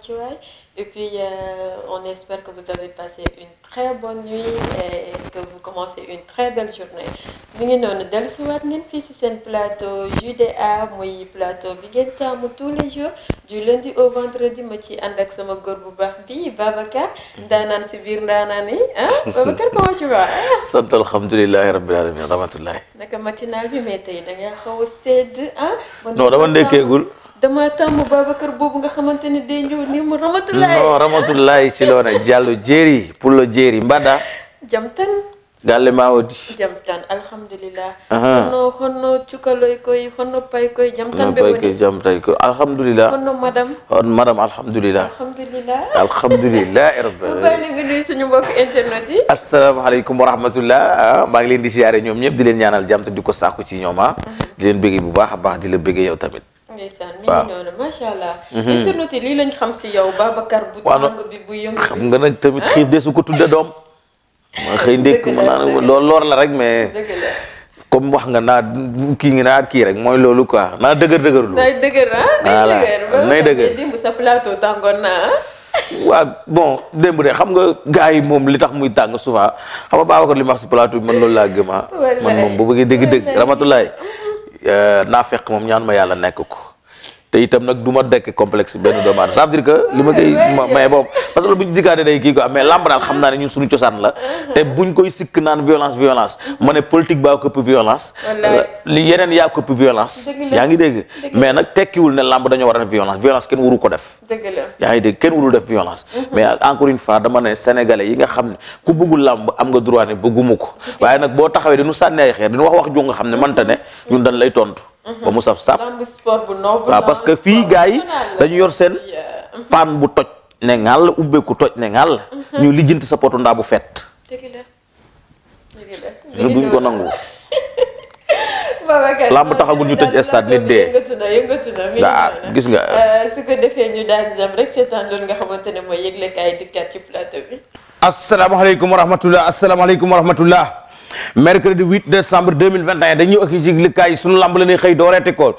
wàccuwaay et puis euh, on espère que vous avez passé une très bonne nuit et que vous commencez une très belle journée ñu ngi noonu dellusiwaat ngeen fii si seen plateau JDA muy plateau bi ngeen taamu tous les jours du lundi au vendredi ma ci ànd ak sama góor bu baax bi Babacar ndaanaan si biir ndaanaan yi ah Babacar comment tu vas sant alhamdulilahi rabbil alamin rahmatullahi naka matinal bi mais tey da nga xaw a sedd ah dama ndekkeegul dama tàmm Babacar boobu nga xamante ne day ñëw nii mu Ramatulaay. ci loona jàllu jéeri pour le jéeri mbada. jam tan. galle ma wodi jam tan alhamdulillah honno honno cukaloy alhamdulillah alhamdulillah alhamdulillah alhamdulillah nga maa ngi leen di siyaare ñoom ñëpp di leen ñaanal jàmm di ko sàkku ci ñoom ah. di leen bëggee bu baax a baax di la bëggee yow tamit ndeysaan mi mhm. lii lañ xam si yow Babacar. bu tàng bi bu yëngu xam nga nag tamit xiif de su ko tudde doom. ma xëy ndékk mën naa loolu la rek mais. comme wax nga naa kii ngi naat kii rek mooy loolu quoi naa dëgër dëgër lu. nay dëgër ah nay dëgër nay dëgër démb sa plateau tàngoon naa ah. waaw bon démb de xam nga gars yi moom li tax muy tàng souvent xam nga li ma wax si plateau loolu laa gëm ah. man moom bu bëggee dëgg-dëgg Euh, naafeq moom ñaan ma yàlla nekk ko te itam nag du ma dekk complexe benn doomu aadama ça que li ma koy may boobu parce que bu ñu dikkaatee day kii quoi am làmb daal xam naa ne koy sikk naan violence violence ma ne politique baa këpp violence euh, li yeneen yaa këpp violence yaa ngi dégg mais nag tekkiwul ne làmb dañoo war a def violence violence kenn waru ko def yaa ngi dégg kenn warul def violence mhm. mais encore une fois dama ne sénégalais yi nga xam ne ku bëggul làmb am nga droit ne bëggumu ko waaye nag boo taxawee dañu sànni ay xeer dañu wax wax ju nga xam ne manta ne mhm. ñun dañ lay tontu ba mu saf sap waaw parce que fii gaa yi dañu yor seen mm-hmm. paan bu toj ne ngal ubbeeku toj ne ngal mm-hmm. ñu lijjanti sa potu ndaa bu fet ñu duñ ko nangu lamb taxagul ñu tëj stade nit dee yëngatu na yëngatu na waaw gis nga euh, su ko defee ñu daal seetaan loolu nga xamante ne mooy yëglekaay dikkaat ci plateau bi asalaamaaleykum wa rahmatullah asalaamaaleykum wa rahmatullah mercredi 8 décembre 2021 dañuy ak yëglikaay sunu lamb la ne xëy dooreeti ko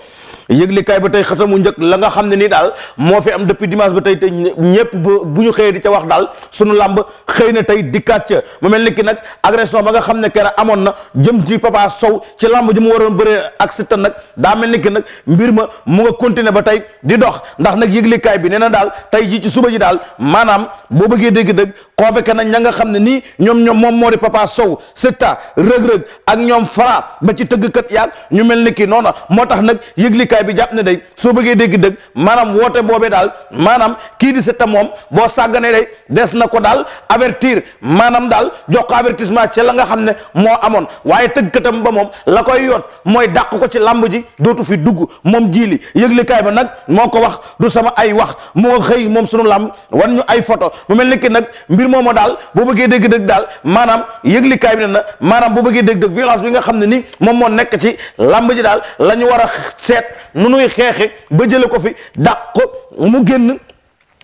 yëglikaay ba tey xëtamu njëkk la nga xam ne nii daal moo fi am depuis dimanche ba tey te ñëpp ba bu ñu xëyee di ca wax daal suñu làmb xëy na tey dikkaat ca mu mel ni ki nag agression ba nga xam ne kera amoon na jëm ci Papa Sow ci làmb ji mu waroon bëree ak Siteu nag daa mel ni ki nag mbir ma mu nga continuer ba tey di dox ndax nag yëglikaay bi nee na daal tey ji ci suba ji daal maanaam boo bëggee dégg-dëgg convoqué nañ ña nga xam ne nii ñoom ñoom moom moo di Papa Sow Seta rëg-rëg ak ñoom Fra ba ci tëgg tëggkat yaag ñu mel ni kii noona moo tax nag yëglikaay bi jàpp ne day soo bëggee dégg dëgg maanaam woote boobee daal maanaam kii di Seta moom boo sàgganee des na ko daal avertir maanaam daal jox ko avertissement ci la nga xam ne moo amoon waaye tëggkatam ba moom la koy yoot mooy dàq ko ci làmb ji dootu fi dugg moom jiili yëglikaay ba nag moo ko wax du sama ay wax moo xëy moom sunu làmb wan ñu ay photo mu mel ni ki nag mbir moomu daal boo bëggee dégg-dëgg daal maanaam yëglikaay bi ne na maanaam boo bëggee dégg-dëgg violence bi nga xam ne ni moom moo nekk ci làmb ji daal la ñu war a seet nu nuy xeexe ba jële ko fi dàq ko mu génn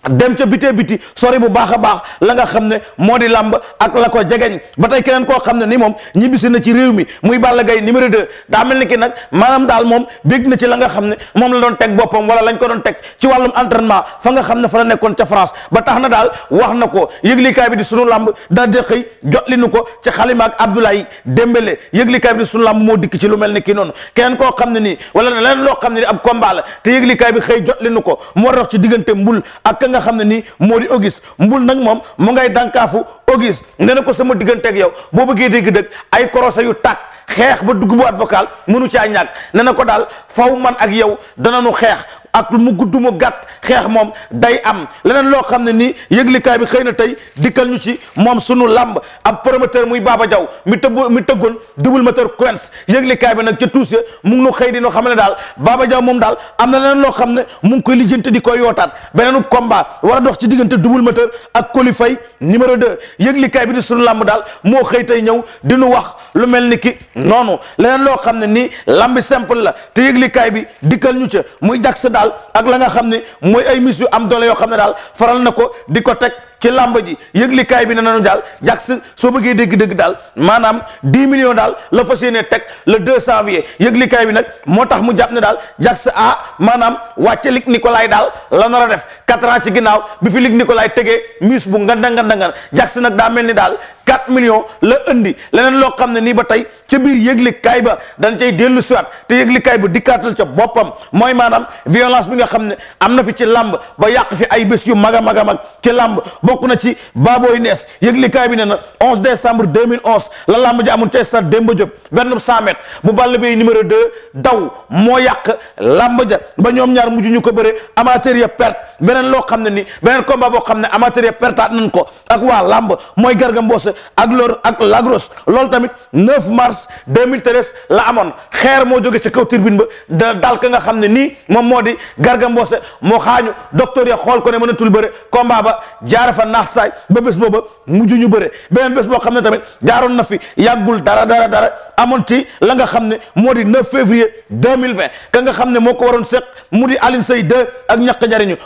dem ca bitee biti sori bu baax a baax la nga xam ne moo di làmb ak la ko jegeñ ba tey keneen koo xam ne ni moom ñibbisi na ci réew mi muy Balla gay numéro 2 daa mel ni ki nag maanaam daal moom bég na ci la nga xam ne moom la doon teg boppam wala lañ ko doon teg ci wàllum entraînement fa nga xam ne fa la nekkoon ca France ba tax na daal wax na ko yëglikaay bi di sunu làmb daal di xëy jot li nu ko ci xalima ak Abdoulaye Dembélé yëglikaay bi di sunu làmb moo dikk ci lu mel ni kii noonu keneen koo xam ne nii wala leneen loo xam ne ni ab la te yëglikaay bi xëy jot li nu ko moo dox ci diggante mbul ka nga xam ne ni moo di Auguste mbul nag moom mu ngay dànkaafu Auguste nee na ko sama digganteeg yow boo bëggee dégg dëgg ay korosé yu tàkk xeex ba dugg bu at mënu caa ñàkk nee na ko daal faw man ak yow dananu xeex ak mu gudd mu gàtt xeex moom day am leneen loo xam ne ni yëglikaay bi xëy na tey dikkal ñu ci moom sunu làmb ab promoteur muy Baba Diaw mi tëb mi tëggoon double moteur coins yëglikaay bi nag ca tuuse mu ngi nu xëy di noo xam ne daal baaba Diaw moom daal am na leneen loo xam ne mu ngi koy lijjante di koy yootaan beneenu combat war a dox ci diggante double moteur ak qualifié numéro 2 yëglikaay bi di suñu lamb daal moo xëy tey ñëw di nu wax lu mel ni ki noonu leneen loo xam ne nii lamb simple la te yëglikaay bi dikkal ñu ca muy jax muy ay mis yu am doole yoo xam ne daal faral na ko di ko teg ci làmb ji yëglikaay bi na nañu daal jax soo bëggee dégg-dégg daal maanaam dix million daal la fas yéene teg le deux janvier yëglikaay bi nag moo tax mu jàpp ne daal jax ah maanaam wàcce lig Nicolas daal la nar a def quatre ci ginnaaw bi fi Luc Nicolaï tegee mise bu nganda nganda ngan Jackson nag daa mel ni daal quatre millions la indi leneen loo xam ne nii ba tey ca biir yëglikaay ba dañ cay dellu siwaat te yëglikaay ba dikkaatal ca boppam mooy maanaam violence bi nga xam ne am na fi ci làmb ba yàq fi ay bés yu mag a mag a mag ci làmb bokk na ci Baboy Nees yëglikaay bi ne na 11 décembre 2011 la làmb ji amoon ca stade Demba Diop benn bu mètres bu Balla Gaye numéro 2 daw moo yàq làmb ja ba ñoom ñaar mujj ko bëre amateur ya leneen loo xam ne ni beneen combat boo xam ne amateur perta pertaat ko ak waa lamb mooy Garga Mbossé ak lor ak Lagros loolu tamit 9 mars 2013 la amoon xeer moo joge ci kaw tribune ba da dal ka nga xam ne nii moom moo di Garga Mbossé moo xaañu docteur ya xool ko ne mënatul bëre combat ba jaar fa naax saay ba bés booba mujj ñu bëre beneen bés boo xam ne tamit jaaroon na fi yàggul dara dara dara amoon ti la nga xam ne moo di 9 février 2020 ka nga xam ne moo ko waroon seq mu di Alioune say 2 ak ñàkk jariñu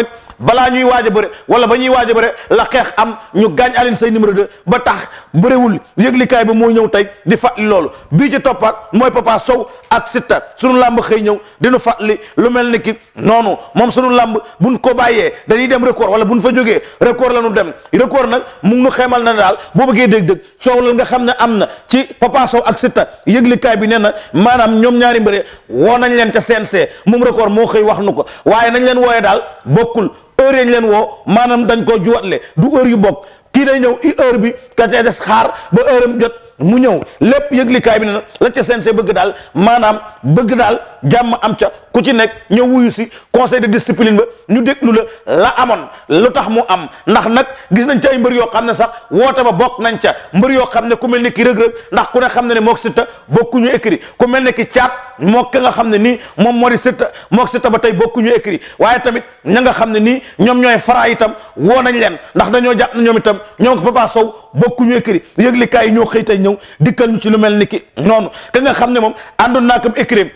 moom it balaa ñuy waaj a bëre wala ba ñuy waaja a bëre la xeex am ñu gaañ Alioune Seye numéro 2 ba tax bëréwul yëglikaay ba moo ñëw tey di fàttali loolu bii ci toppaat mooy Papa Sow ak Siteu sunu làmb xëy ñëw dinu fàttali lu mel ni ki noonu moom sunu làmb buñ ko bàyyee dañuy dem record wala buñ fa jógee record la ñu dem record nag mu ngi nu xeemal na daal boo bëggee dëgg-dëgg coow la nga xam ne am na ci Papa Sow ak Siteu yëglikaay bi nee na maanaam ñoom ñaari mbëre woo nañ leen ca CNC moom record moo xëy wax ko bokkul heure yañ leen woo maanaam dañ koo juwatle du heure yu bokk kii day ñëw i heure bi ka ca des xaar ba heure jot mu ñëw lépp yëglikaay bi ne la ca CNG bëgg daal maanaam bëgg daal jàmm am ca ku ci nekk ñëw wuyu si conseil de discipline ba ñu déglu la la amoon lu tax mu am ndax nag gis nañ ca ay mbër yoo xam ne sax woote ba bokk nañ ca mbër yoo xam ne ku mel ni ki rëg-rëg ndax ku ne xam ne ne mook Siteu bokkuñu écrit ku mel ni ki caat mook ka xam ne nii moom moo di Siteu mook Siteu ba tey bokkuñu écrit waaye tamit ña nga xam ne nii ñoom ñooy fara itam woo nañ leen ndax dañoo jàpp na ñoom itam ñoom ko Papa Sow bokkuñu écrit yëglikaay yi ñoo xëy tey ñëw dikkal ñu ci lu mel ni ki noonu ka nga xam ne moom àndoon naa kam écrit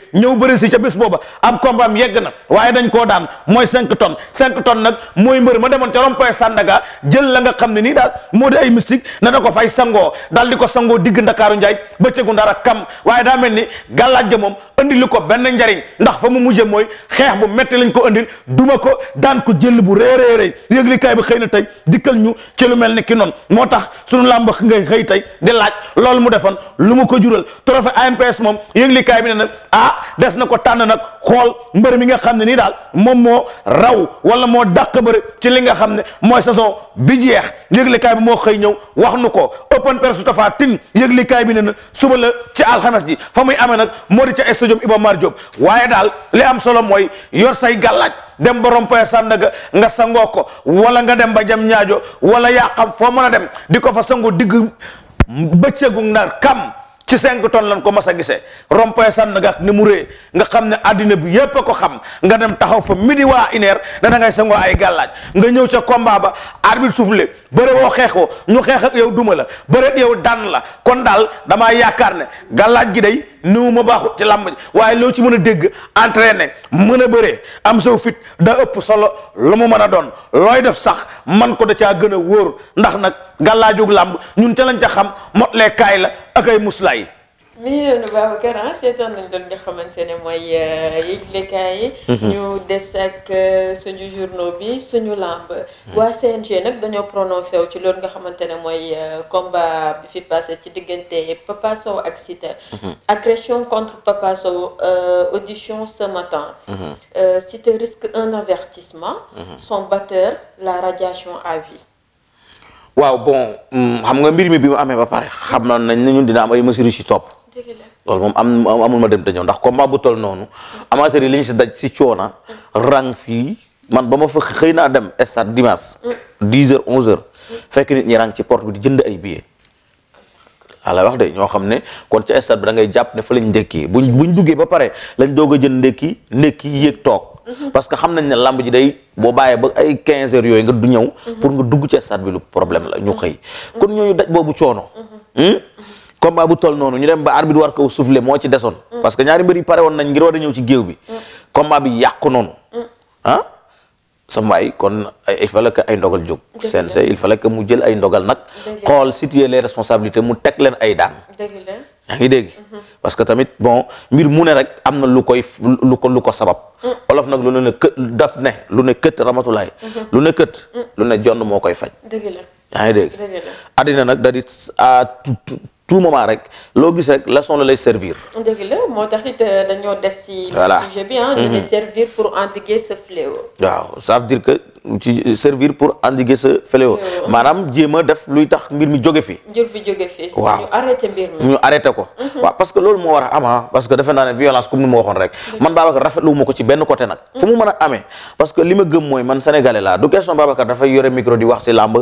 Brésil si ca bés booba am combat am yegg na waaye dañ koo daan mooy cinq tonnes cinq tonnes nag mooy mbër ma demoon ca rond-point jël la nga xam ne nii daal moo di ay mystique na da ko fay sangoo daal di ko sangoo digg Ndakaaru Njaay bëccëgu ndara kam waaye daa mel ni gàllaaj ja moom andi lu ko benn njariñ ndax fa mu mujje mooy xeex bu metti lañ ko andil duma ko daan ko jël bu réeréeréy yëglikaay bi xëy na tey dikkal ñu ci lu mel ni ki noonu moo tax suñu làmb ngay xëy tey di laaj loolu mu defoon lu mu ko jural trophée AMPS moom yëglikaay bi ne nag ah dina ko tànn nag xool mbër mi nga xam ne nii daal moom moo raw wala moo dàq bëri ci li nga xam ne mooy saison bi jeex yëglekaay bi moo xëy ñëw wax nu ko open press Tapha Tine yëglekaay bi ne na suba la ci alxames ji fa muy amee nag moo di ca stadium Iba Mar Diop waaye daal li am solo mooy yor say gàllaaj dem ba rompoye sànnaga nga sangoo ko wala nga dem ba jam ñaajo wala yaa xam foo mën a dem di ko fa sangu digg bëccëgu nar kam ci cinq tonnes lan ko mas a gisee rond-point Sandaga ni mu rée nga xam ne àddina bi yépp a ko xam nga dem taxaw fa midi waa une ne da ngay sangoo ay gàllaaj nga ñëw ca combat ba arbitre soufflé bëre woo xeex woo ñu xeex ak yow duma la bëre ak yow daan la kon daal damay yaakaar ne gàllaaj gi day néew ma baaxut ci làmb waaye loo ci mën a dégg entraîné mën a bëree am saw fit da ëpp solo lu mu mën a doon looy def sax man ko da caa gën a wóor ndax nag gàllaajug làmb ñun ca lañ ca xam motlee kaay la ak ay muslaay mi ngi doon Babacar ah seetaan nañ doon nga xamante ne mooy euh, yëglekaay yi. Mhm. ñu des ak euh, suñu journaux bi suñu làmb. Mhm. waa CNG nag dañoo prononcé wu ci loolu nga xamante ne mooy euh, combat bi fi passé ci diggante Papa Sow ak Siteu. Mhm. agression contre Papa Sow audition ce matin. Siteu risque un avertissement. son batteur la radiation à waaw bon mm, xam nga mbir mi bi mu amee ba pare xam nañ ne ñun dina am ay mesures yu ci topp. loolu moom am amul ma dem dañoo ñëw ndax combat bu tol noonu amateur yi li ñu si daj si coona rang fii man ba ma fa xëy naa dem stade dimanche dix heures onze heures fekk nit ñi rang ci port bi di jënd ay billets ala wax de ñoo xam ne kon ca stade bi da ngay jàpp ne fa lañ ndékki buñ buñ duggee ba pare lañ doog a jënd ndékki ndékki yéeg toog parce que xam nañ ne lamb ji dey boo bàyyee ba ay quinze heures yooyu nga du ñëw pour nga dugg ci stade bi lu problème la ñu xëy kon ñooñu daj boobu combat bu toll noonu ñu dem ba arbitre war ko souffler moo ci desoon. Mm. parce que ñaari mbër yi pare woon nañ ngir war a ñëw ci géew bi. Mm. combat bi yàqu noonu. Mm. ah sama kon il fallait que ay ndogal jóg. CNG il fallait que mu jël ay ndogal nag. xool situer les responsabilités mu teg leen ay daan. yaa ngi dégg mm-hmm. parce que tamit bon mbir mu ne rek am na lu koy lu ko lu ko sabab olof nag lu ne lu ne kët ramatulaay mm-hmm. lu ne kët lu ne jonn moo koy faj yaa ngi dégg addina nag tout moment rek loo gis rek leçon la lay servir. dëgg la moo tax it euh, dañoo des si voilà sujet bi ah. servir pour endiguer ce fléau. waaw ça veut dire que. ci servir pour endiguer sa fléau maanaam jéem a def luy tax mbir mi jóge fi njur bi waaw ñu arrêté mbir mi ko mhm. waaw parce que loolu moo war a am ah, parce que defe naa ne violence comme ni ma waxoon rek mhm. man Babacar rafetlu ma ko ci benn côté nag fu mu mën a amee parce que li ma gëm mooy man sénégalais laa du question Babacar dafay yore micro di wax si làmb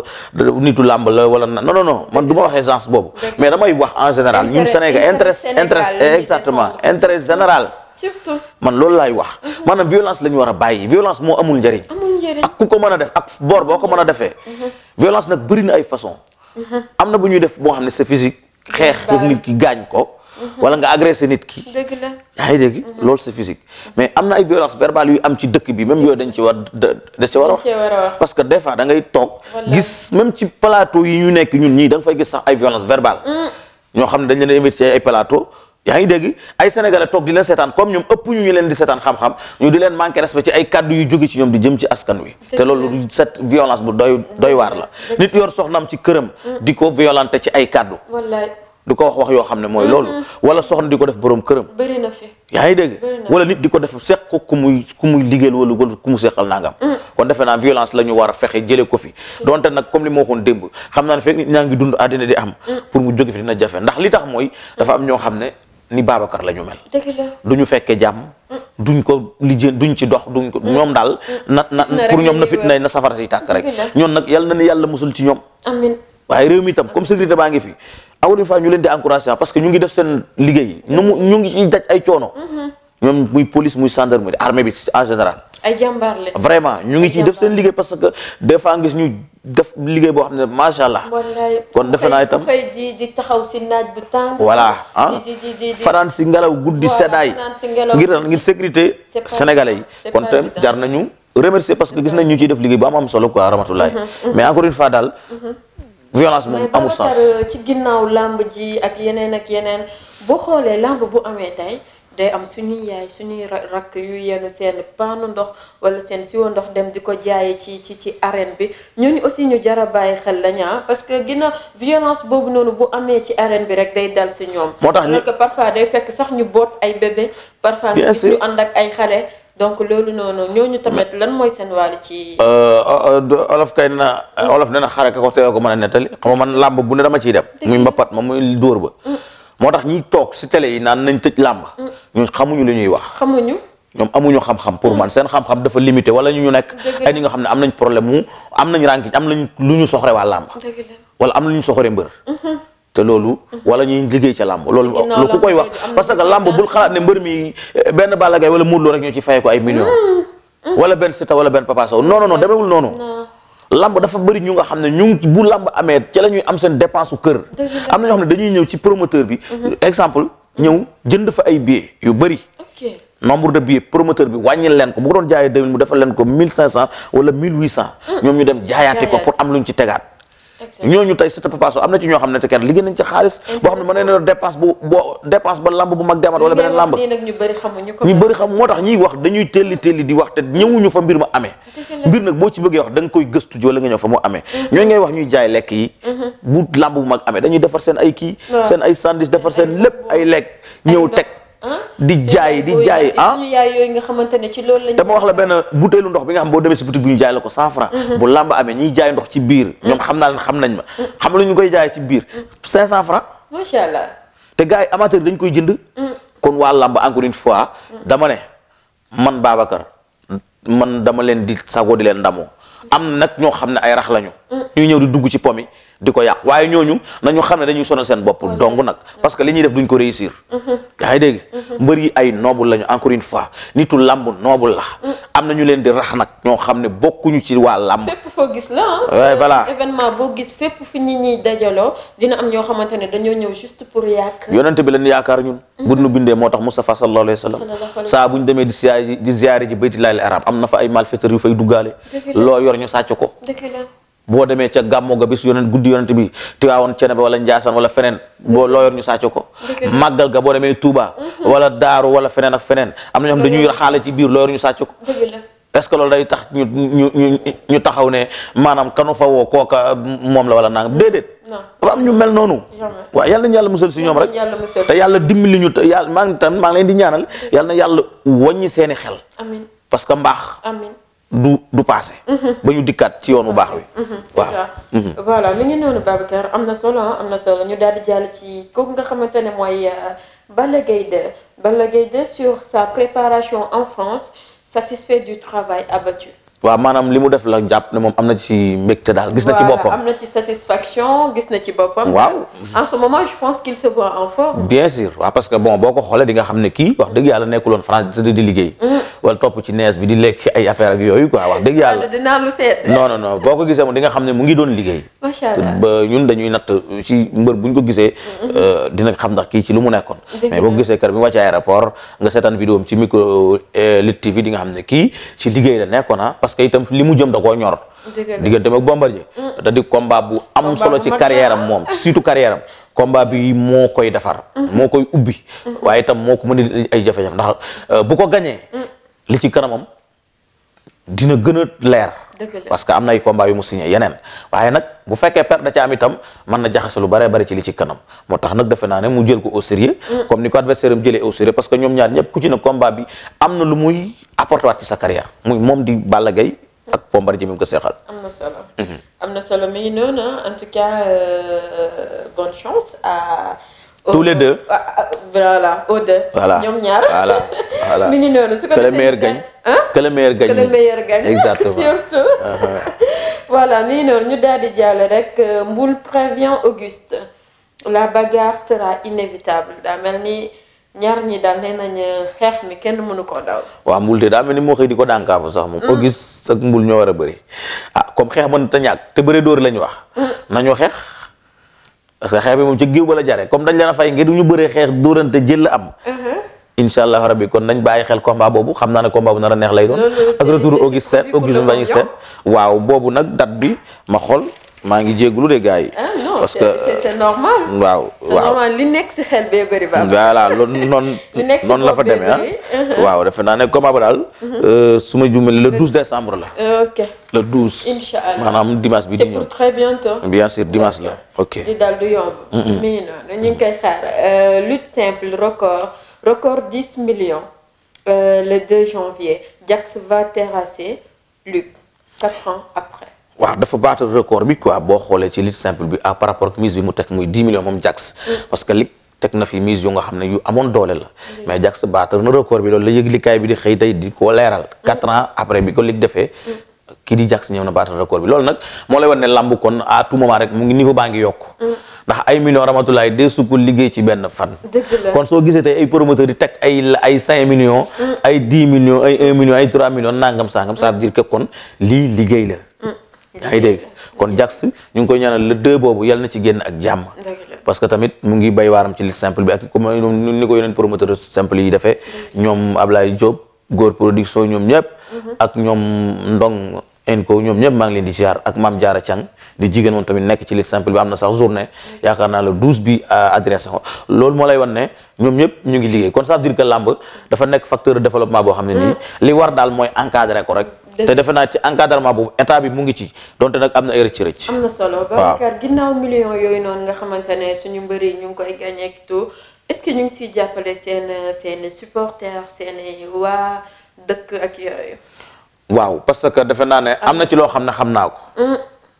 nitu làmb la wala non non man du ma waxee genre boobu mais damay wax en général ñun Sénégal intérêt intérêt exactement intérêt général surtout man loolu laay wax. maanaam violence la ñu war a bàyyi violence moo amul njëriñ. amul njëriñ ak ku ko man a def ak boor boo ko mën a defee. Mm-hmm. violence nag bari na ay façon mm-hmm. am na bu ñuy def moo xam ne c'est physique xeex pour nit ki gaañ ko. Mm-hmm. wala nga agressé nit ki. dëgg yaa ngi dégg loolu c'est physique mais am na ay violence verbale yu am ci dëkk bi même yooyu dañ ci war da ci war a wax parce que des fois da ngay toog gis même ci plateau yi ñu nekk ñun ñii da fay gis sax ay violence verbale mm. ñoo xam ne dañ leen invité yaa ngi dégg ay sénégalais toog di leen seetaan comme ñoom ëpp ñu ñu leen di seetaan xam-xam ñu di leen manqué respect ci ay kàddu yu jóge ci ñoom di jëm ci askan wi te loolu set violence bu doy doy waar la nit yor soxnaam ci këram mm. di ko violenté ci ay kàddu di ko wax wax yoo xam ne mooy loolu wala soxna di ko def borom këram bëri yaa ngi dégg wala nit di ko def seq ko ku muy ku muy liggéeyal wala wala ku mu seqal nangam mm. kon defe naa violence la ñu war a fexe jëlee ko fi donte nag comme li moo waxoon démb xam naa ne fekk nit ñaa ngi dund àddina di am mm. pour mu jóge fi dina jafe ndax li tax mooy dafa am ñoo xam ne ni Babacar la ñu mel. du ñu fekkee jàmm. Mm. duñ ko lijjee duñ ci dox duñ ko mm. ñoom daal. Mm. na na pour ñoom na fitna safara si tàkk rek. ñoon nag yal na ni yàlla musul ci ñoom. amiin waaye réew mi itam comme sécurité baa ngi fi. awuñu fa ñu leen di encouragé parce que ñu ngi def seen liggéey. ñu mu ñu ngi ci daj ay coono. Mm-hmm. ñoom muy police muy gendarmerie armée bi en général. ay jàmbaar lañ vraiment ñu ngi ciy def seen liggéey parce que des fois nga ñu def liggéey boo xam ne macha allah. kon defe naa itam xëy di di taxaw si naaj bu voilà ah fanaan si ngelaw guddi seddaay. ngir ngir sécurité sénégalais yi. kon tam jar na nañu remercier parce que gis nañ ñu ciy def liggéey bu am am solo quoi rahmatulahi. Mm-hmm, mm-hmm. mais encore une fois daal. violence moom amul sens euh, ci ginnaaw làmb ji ak yeneen ak yeneen boo xoolee làmb bu amee tey. day am suñuy yaay suñuy rakk yu yenn seen paanu ndox wala seen siwo ndox dem di ko jaaye ci ci ci arène bi ñooñu aussi ñu jara bàyyi xel lañu ah, parce que gina violence boobu noonu bu amee ci arène bi rek day dal si ñoom. moo tax que parfois day fekk sax ñu boot ay bébé. parfois nga ñu ànd ay xale. donc loolu noonu ñooñu tamit lan mooy seen wàll ci. Euh, euh, euh, olof kay na olof dana xare ko teew ko mën a nettali xam man làmb bu ne dama ciy dem. muy mbapat ma muy dóor ba. Mm. moo tax ñiy toog si tele yi naan nañ tëj làmb mm. ñun xamuñu li ñuy wax xamuñu ñoom amuñu xam-xam pour mm. man seen xam-xam dafa limité wala ñu ñu nekk ay ñi nga xam ne am nañ problème mu am nañ rànkiñ am nañ lu ñu soxore waa làmb wala am lu ñu soxore mbër mm-hmm. te loolu mm-hmm. wala ñuy liggéey ca làmb loolu ku koy wax parce que làmb bul xalaat ne mbër mi eh, benn Balla Gaye wala Modou Lo rek ñoo ci fay ko ay millions mm-hmm. wala benn Siteu wala benn Papa Sow non non non demewul noonu lamb dafa bëri ñu nga xam ne ñu bu lamb amee ci la ñuy am seen dépense su kër am na ñoo xam ne dañuy ñëw ci promoteur bi mhm. exemple ñëw jënd fa ay billets yu bëri nombre de billets promoteur bi wàññil leen ko bu ko doon jaayee 2000 mu defal leen ko 1500 wala 1800 mhm. ñoom ñu dem jaayaate ko pour am lu ñu ci tegaat ñooñu tey Siteu Papa Sow am na ci ñoo xam ne te liggéey nañ ci xaalis boo xam ne mën nañu dépense bu ñu bëri xamuñu ñu bëri xam moo tax ñuy wax dañuy telli telli di wax te ñëwuñu fa mbir ma amee mbir nag boo ci bëggee wax da koy gëstu ji wala nga ñëw fa mu amee mm-hmm. ñooñu ngay wax ñuy jaay lekk yi mm-hmm. bu lamb bu mag amee dañuy defar seen ay kii seen ay sandwich defar seen lépp ay lekk ñëw teg di jaay di jaay ah yooyu nga xamante ne ci loolu lañu dama wax la benn butéelu ndox bi nga xam boo demee si boutique bi ñu jaay la ko cent franc mhm. bu làmb amee ñiy jaay ndox ci biir mhm. ñoom xam naa leen xam nañ ma mhm. xam lu ñu koy jaay ci biir cinq cent franc macha allah te gars yi amateur dañ koy jënd kon waa làmb encore une fois dama ne man Babacar man dama leen di sago di leen ndamoo am nag ñoo xam ne ay rax lañu ñuy ñëw di dugg ci pomi di ko yàq waaye ñooñu nañu xam ne dañuy sono seen bopp dong nag parce que li def duñ ko réussir mm-hmm. yaa ngi dégg mm-hmm. mbër yi ay noble lañu encore une fois nitu làmb noble la mm. am na ñu leen di rax nag ñoo xam ne bokkuñu ci waa làmb fépp gis la voilà événement boo gis fépp fi nit ñi dajaloo dina am ñoo xamante ne dañoo ñëw juste pour yàq yonent bi leen yaakaar ñun mm-hmm. bu nu bindee moo tax Moustapha sallallahu alayhi wa sallam saa bu ñu demee di siyaare ji di ziyaare ji am na fa ay malfaiteurs yu fay duggaale loo yor ñu sàcc ko boo demee ca gàmmo ga bi yonent guddi yonent bi tiwaawoon cene ba wala njaasaan wala feneen boo looyoon ñu sàcc ko màggal ga boo demee Touba mhm. wala daaru wala feneen ak feneen am na ñoo xam dañuy xaale ci biir looyoon ñu sàcc ko est-ce que loolu day tax ñu ñu ñu ñu taxaw ne maanaam kanu fa woo kooka moom la wala nangam déedéet dafa am ñu mel noonu waaw yàlla nañu yàlla musal si ñoom rek te yàlla dimbali ñu te yàlla maa ngi tam maa ngi leen di ñaanal yàlla na yàlla wàññi seeni xel du du passé. Mhm. ba ñu dikkaat ci yoon bu baax wi. Mhm. waaw mhm. voilà mu ngi noonu Babacar am na solo am na solo ñu daal di jàll ci kooku nga xamante ne mooy euh, Balla Gaye 2 Balla Gaye su sur sa préparation en France satisfait du travail abattu. waaw maanaam li mu def la jàpp ne moom am na ci mbégte daal gis na ci boppam am na ci satisfaction gis na waaw bien sûr parce que bon boo ko xoolee di nga xam ne kii wax dëgg yàlla nekkuloon France di liggéey. Mm. wala topp lekk ay affaire ak yooyu quoi wax yàlla. Ah, dinaa lu seet ko gisee moom di nga xam ne mu ngi doon liggéey. macha allah ba ñun dañuy natt ci mbër bu ñu ko gisee. Mm-hmm. Euh, dina xam ndax kii ci lu mu nekkoon. mais boo gisee kër bi mu wàcc aéroport nga seetaan vidéo am ci micro euh, Lutte TV di nga xam ne kii ci liggéey la nekkoon ah, parce que itam li mu jëm da koo ñor. digganteem ak Bombardier. da mm. di bu am solo ci carrière am moom surtout carrière am. bi moo koy defar. Mm. moo koy ubbi. Mm. waaye itam moo ko mën ay jafe-jafe ndax euh, bu ko gañee li ci kanamam. dina gën a leer. parce que am na ay combat yu mu signé yeneen waaye nag bu fekkee perte da ca am na jaxase lu bare bari ci li ci kanam moo tax nag defe naa ne mu jël ko au sérieux mm. comme ni ko adversaire am jëlee au parce que ñoom ñaar ñëpp ku ci ne bi am na lu muy apporté waat ci sa carrière muy moom di Balla Gaye ak Bombardier mi mu ko seexal. na solo. Mm-hmm. tous les deux. Ah, ah, voilà aux deux. ñoom ñaar. voilà voilà mi ngi noonu su ko defee que le meilleur gagne. que le exactement surtout. Uh-huh. voilà mi ngi noonu ñu daal di jàll rek euh, Mboul prévient Auguste la bagarre sera inévitable daa mel ni ñaar ñi daal nee nañ xeex mi kenn mënu koo daw. waaw Mboul te daa mel ni moo xëy di ko dànkaafu sax moom. Mm. Auguste ak mbul ñoo war a bëri ah comme xeex mën ta ñàkk te bëri dóor la wax. Mm. nañu xeex. parce que xeex bi moom ci géew ba la jare comme dañ leen a fay ngir ñu bëree xeex dóorante jël la am. Mm-hmm. incha allah rabbi kon nañ bàyyi xel combat boobu xam naa ne combat bu nar neex lay doon. ak retour Auguste Auguste Mbaye Sène waaw boobu nag date bi ma xool. maa ngi jégalu de gars yi. Ah, parce que c'est normal. Euh, waaw waaw li nekk si xel bee bëri ba. voilà loolu noonu. noonu la fa demee ah. Uh-huh. waaw defe naa ne combat ba daal. Uh-huh. Euh, su ma juumee le 12 décembre la. ok le 12. incha allah maanaam dimanche bi di ñëw. c'est pour très bientôt. bien sûr dimanche la ok. di daal du yomb. mi ngi noonu ñu ngi koy xaar euh, lutte simple record record 10 millions le 2 janvier Jax va terrasser Luc 4 ans après. waaw dafa battre record bi quoi boo xoolee ci lutte simple bi ah par rapport mise bi mu teg muy 10 millions moom Jax parce que na fi mise yu nga moo lay wan ne làmb kon à tout moment ci benn fan kon soo gisee tey ay promoteurs yi teg ay ay cinq millions ay dix millions ay un lii liggéey la yaa ngi dégg kon Jax ñu ngi koy ñaanal le deux boobu yal na ci génn ak jàmm parce que tamit mu ngi bay waaram ci lutte simple bi ak comme ni ko yeneen promoteur simple yi defee ñoom Ablaye Diop góor production ñoom ñëpp mhm. ak ñoom Ndong en ko ñoom ñëpp maa ngi leen di ziar ak maam jaara Thiang di jigéen moom tamit nekk ci lutte simple bi am na sax journée mhm. yaakaar naa le douze bi euh, adresse ko loolu moo lay wan ne ñoom ñëpp ñu ngi liggéey kon ça veut dire que làmb dafa nekk facteur de boo xam ne nii mhm. li war daal mooy encadrer ko rek te defe naa ci encadrement boobu état bi mu ngi ci donte nag am na ay rëcc rëcc. am na solo Babacar ginnaaw million yooyu noonu nga xamante ne suñu mbëri ñu ngi koy gagné ak tout est-ce que ñu ngi si jàppale seen seen supporters seen waa dëkk ak yooyu. waaw parce que defe naa ne am na ci loo xam ne xam naa ko. Mm.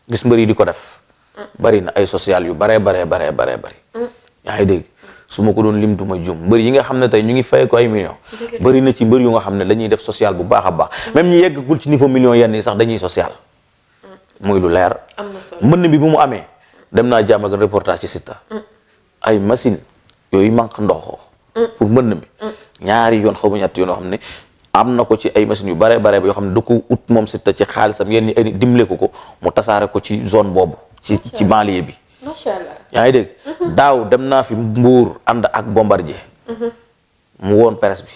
gis mbëri di ko def. Mm. bari na ay social yu baree baree baree baree bari. Mm. dégg. su ma ko doon lim duma jum mbër yi nga xam ne tey ñu ngi fay ko ay millions bëri na ci mbër yu nga xam ne dañuy def social bu baax a baax même ñu yeggagul ci niveau millions yenn ni sax dañuy social mm. muy lu leer mën na bi bu mu amee dem naa jàmm ak reportage ci Siteu mm. ay machine yooyu manque ndox mm. pour mën na ñaari yoon xaw ma ñetti yoon yoo xam ne am na ko ci ay machine yu bare bare yoo xam ne da ko ut moom Siteu ci xaalisam yenn ni ay dimbale ko ko mu tasaare ko ci zone boobu ci ci banlieue bi yaa ngi dégg. Mhm. daaw dem naa fi mbuur ànd ak bombar bombardier. Mhm. mu woon presse bi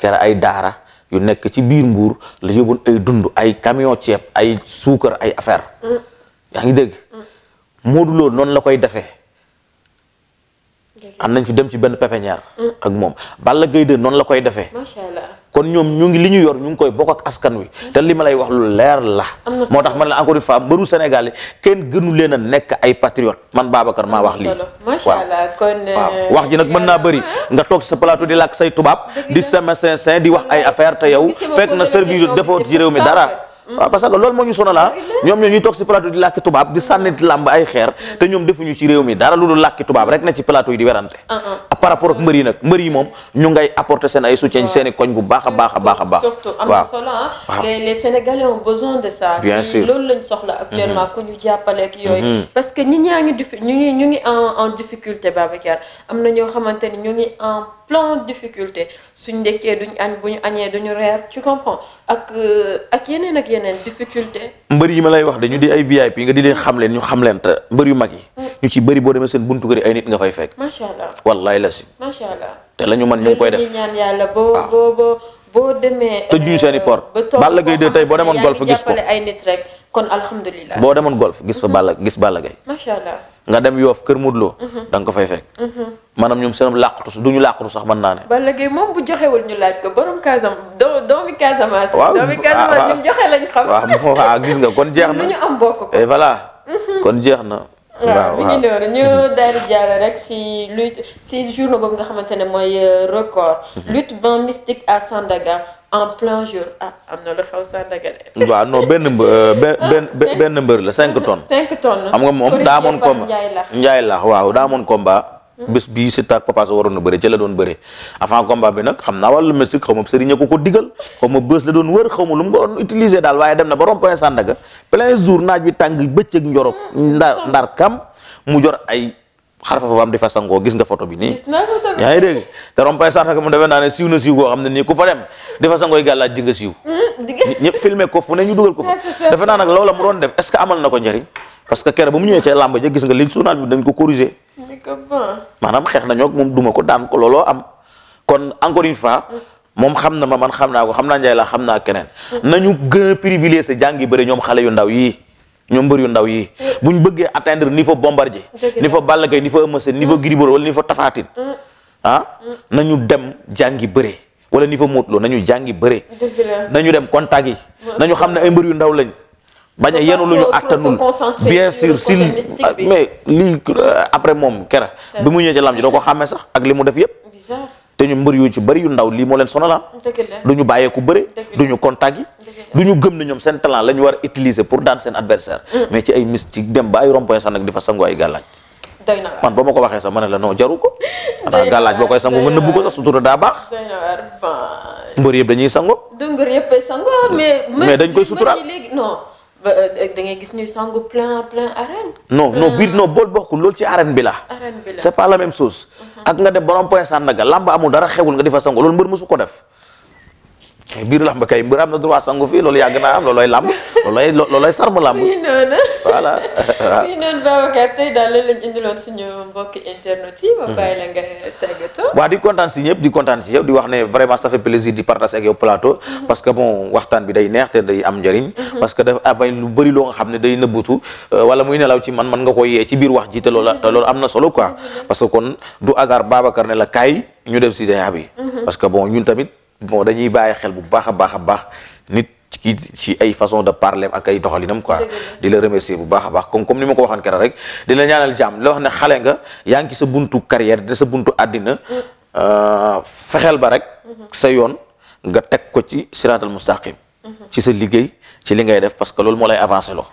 kera ay daara yu nekk ci biir mbuur la yóbbu ay dund ay camion ceeb ay suukar ay affaire mhm. yaa ngi dégg. Modou lool noonu la koy defee. am nañ fi dem ci benn pépinière ak moom Balla Gaye de noonu la koy defee kon ñoom ñu ngi li ñu yor ñu ngi koy bokk ak askan wi te li ma lay wax lu leer la moo tax man la encore une fois mbëru Sénégal kenn gënu leen a nekk ay patriote man Babacar maa wax lii waaw euh, wax ji nag mën naa bëri nga toog sa plateau di làkk say tubaab di semacinsin di wax ay affaire te yow fekk na service defoo ci réew mi dara waaw mm. ah, parce que loolu moo ñu sonalaa ah. ñoom ñoo ñuy toog si plateau di làkki tubaab di sànni mm. làmb ay xeer te ñoom defuñu ci réew mi dara lu dul làkki tubaab rek na ci plateau di werante ah, par rapport ak mbër nag mbër moom ñu ngay apporter seen ay soutien ci seen koñ bu baax a baax a baax a baax surtout am na solo ah les loolu lañ soxla actuellement mm-hmm. ku ñu jàppale ak yooyu mm-hmm. parce que ñi ñaa ngi dif ñu ngi am na ñoo xamante ñu ngi en plein de difficultés suñ ndekkee duñ añ bu ñu añee duñu reer ci comprends ak euh, ak yeneen ak yeneen difficulté mbër yi ma lay wax dañu di ay VIP nga di leen mm. xam leen ñu xam leen te mbër yu mag yi mm. ñu ci bëri boo demee seen buntu kër yi ay nit nga fay fekk macha allah wallaay la si macha allah te la ñu mën ñu ngi koy def ñaan yàlla boo ah. boo boo boo demee tëj ñu seen i euh, porte Balla de tey boo demoon golf gis ko ay nit rek kon alhamdulilah boo demoon golf gis fa mm-hmm. Balla gis Balla allah nga dem yoof kër Modou Lo. Mhm. da nga ko fay fekk. Mhm. maanaam ñoom seen làqatu du ñu làqatu sax mën naa ne. Balla Gaye moom bu joxewul ñu laaj ko borom Casamance doo doomi Casamance. waaw doomi ah, Casamance ah. ñun joxe lañ xam. waaw ah, gis nga kon jeex na ñu am bokk ko. et voilà. Mhm. kon jeex na. waaw waaw ñu ñu daal di jàll rek si lutte si journée boobu nga xamante ne mooy euh, en plein jour ah am na lu xaw Sandaga de. waaw non benn euh, ah, benn benn mbër la cinq tonnes. cinq tonnes xam nga moom daa amoon combat Njaay la waaw daa amoon combat. Mm-hmm. bés bii Siteu ak Papa Sow waroon na bëre ci la doon bëre avant combat bi nag xam naa wàllu mystique xaw ma sëriñ ko ko digal xaw la doon wër xaw ma lu mu ko doon utiliser daal waaye dem na ba rond-point Sandaga plein jour naaj bi tàng bëccëg njorok mm-hmm. ndar kam mu jor ay. xarfa fa am di fa sangoo gis nga photo bi nii yaa ngi dégg te rompay sax naa ne siiw xam ne nii ku fa dem di fa sangooy mm, ko fu ne ñu ko fa naa nag loola mu doon def est que amal na ko njariñ parce que kere ba mu ñëwee ca làmb gis nga li journal bi dañ ko corriger maanaam xeex nañoo moom duma ko daan ko looloo am kon encore une fois moom xam na ma man xam naa ko xam naa Njaay laa xam naa keneen mm. nañu gën a privilégier sa jàngi bëri ñoom xale yu ndaw yii ñoom mbër yu ndaw yi bu ñu bëggee atteindre niveau Bombardier niveau Balla Gaye niveau Eumeu Sène niveau mm. Gris Bordeaux wala niveau Tapha Tine mm. ah mm. nañu dem jàngi bëre wala niveau Modou Lô nañu jàngi bëre nañu dem contact yi nañu xam ne ay mbër yu ndaw lañ bañ a yenu lu ñu attanul bien sûr si mais après moom kera bi mu ñëwee ci lam ji doo ko xamee sax ak li mu def yépp te ñu mbër yu ci bëri yu ndaw lii moo leen sonala ah. du ñu bàyyeeku bëre du ñu contact yi du ñu gëm ne ñoom seen talent la ñu war a utiliser pour daan seen adversaire mm. mais ci ay mystique dem ba ay sax nag di fa sangu ay gàllaaj man ba ma ko waxee sax ma ne la non jaru ko xanaa gàllaaj boo koy sangu nga nëbb ko sax sutura daa baax mbër yëpp dañuy sango dëngër yëpp ay sango mm. mais mais dañ koy sutural ba euh, euh, da ngay gis ñuy sangu plein plein arène. no non euh, biir non bool bokkul loolu ci arène bi la. arène bi la c'est pas la même chose. Mhm. ak nga dem ba rond-point Sandaga làmb amul dara xewul nga di fa sangu loolu mbër mosu ko def. biir làmb kay mbir am na droit sangu fii loolu yàgg naa am loolooy làmb loolooy loolooy ma làmb. muy noonu voilà. la nga tàggatoo. waaw di kontaan si ñëpp di kontaan si yow di wax ne vraiment ça fait plaisir di partager ak yow plateau. Mhm. parce que bon waxtaan bi day neex te day am njëriñ. Mhm. parce que dafa amay lu bëri loo nga xam ne day nëbbutu euh, wala muy nelaw ci man man nga ko yee ci biir wax ji te loola te loolu am na solo quoi. Mhm. parce que kon du hasard Babacar ne la kaay ñu def si bi. parce que bon ñun bon dañuy bàyyi xel bu baax a baax a baax nit ki ci ay façon de parler ak ay doxalinam quoi di la remercier bu baax a baax comme comme ni ma ko waxoon keroog rek di la ñaanal jàmm la wax ne xale nga yaa ngi ci sa buntu carrière di sa buntu àddina mm. euh, fexeel ba rek mm-hmm. sa yoon nga teg ko ci siraatal mustaqim mm-hmm. ci sa liggéey ci li ngay def parce que loolu moo lay avancé loo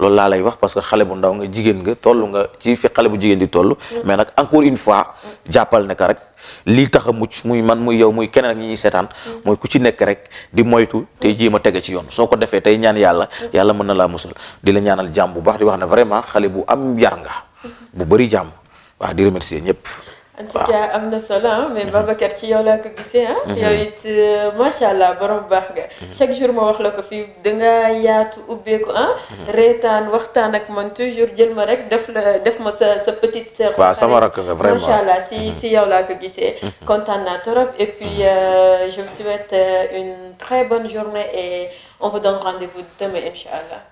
loolu laa lay wax parce que xale bu ndaw nga jigéen nga toll nga ci fi xale bu jigéen di toll. Mm-hmm. mais nag encore une fois. Mm-hmm. jàppal ne ka rek lii tax a mucc muy man muy yow muy keneen ak ñi ñuy seetaan. Mm-hmm. mooy ku ci nekk rek di moytu tey jéem a tege ci yoon soo ko defee tey ñaan yàlla. yàlla mën na laa musal di la ñaanal jàmm bu baax di wax na vraiment xale bu am yar nga. bu bëri jàmm waaw di remercier ñëpp. en tout cas am na solo ah mais mhm. Babacar ci yow laa ko gisee ah. yow it euh, macha allah borom baax nga. Mhm. chaque jour ma wax la ko fii da nga yaatu ubbeeku ah. reetaan waxtaan ak man toujours jël ma rek def la def ma sa sa petite sœur. waaw sama rakk nga vraiment macha allah si si yow laa ko gisee. kontaan naa trop et puis euh, je vous souhaite euh, une très bonne journée et on vous donne rendez-vous demain incha allah.